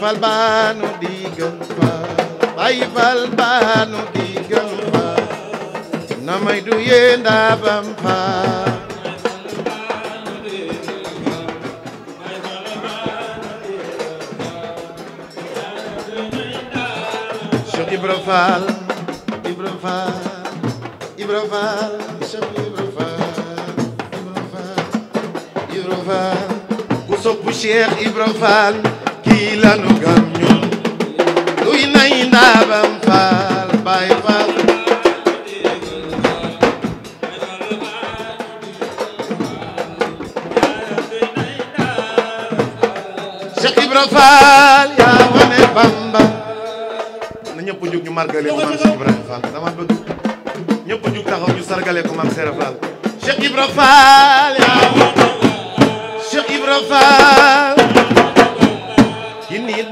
valbano digam fa vai falbano digam fa na mai du yenda bam Ibraval, Ibraval, Ibraval, Ibraval, Ibroval, Ibroval, Ibroval, Ibroval, Ibroval, Fall yaa wane Bamba na ñëpp jug ñu margale ko maam Cheikh Ibrahima Fall dama bëgg ñëpp jug taxaw ñu sargale ko maam Cheikh Fall Cheikh Ibrahima Fall yaa wane Cheikh Ibrahima Fall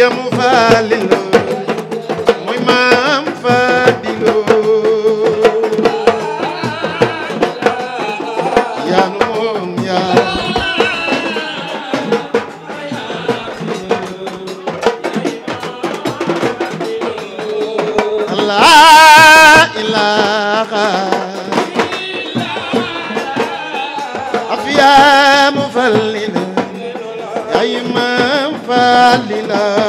Maryamu Falilu muy maam Fadilu yaa nu moom yaa laa ilaaha afiyaa mu Falilu yaa maam Falilu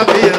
sabe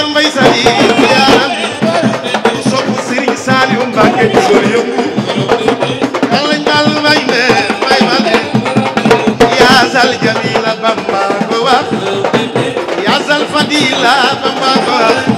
jaar mbay sali yaaram bi sopp Serigne Saliou Mbacké ci góor yëpp dal lañ dal may ne may ma ne yaa zal jamila Bamba ko wax yaa zal fadila Bamba ko wax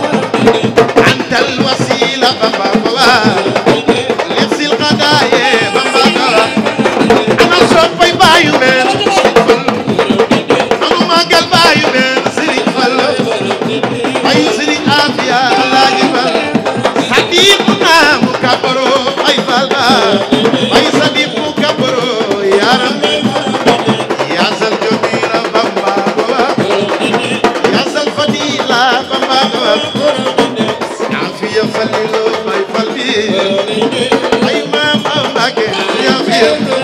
Yeah.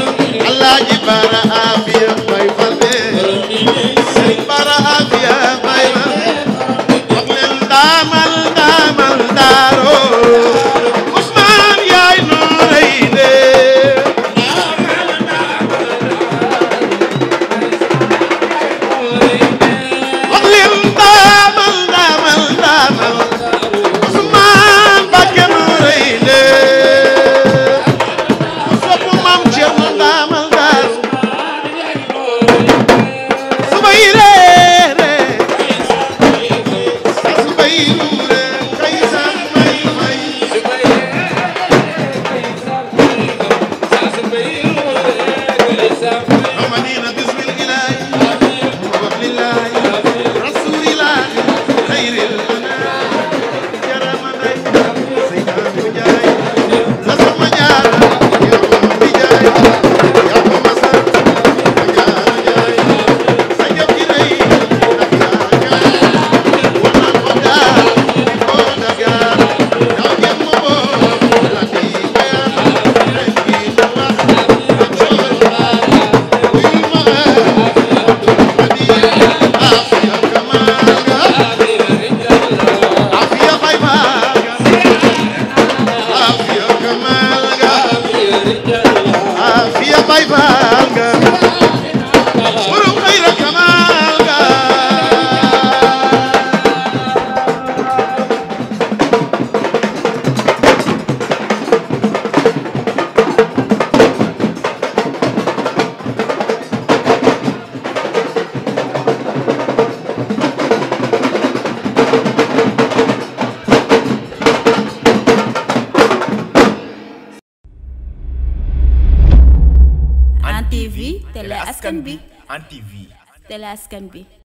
askan bi en TV. last can be.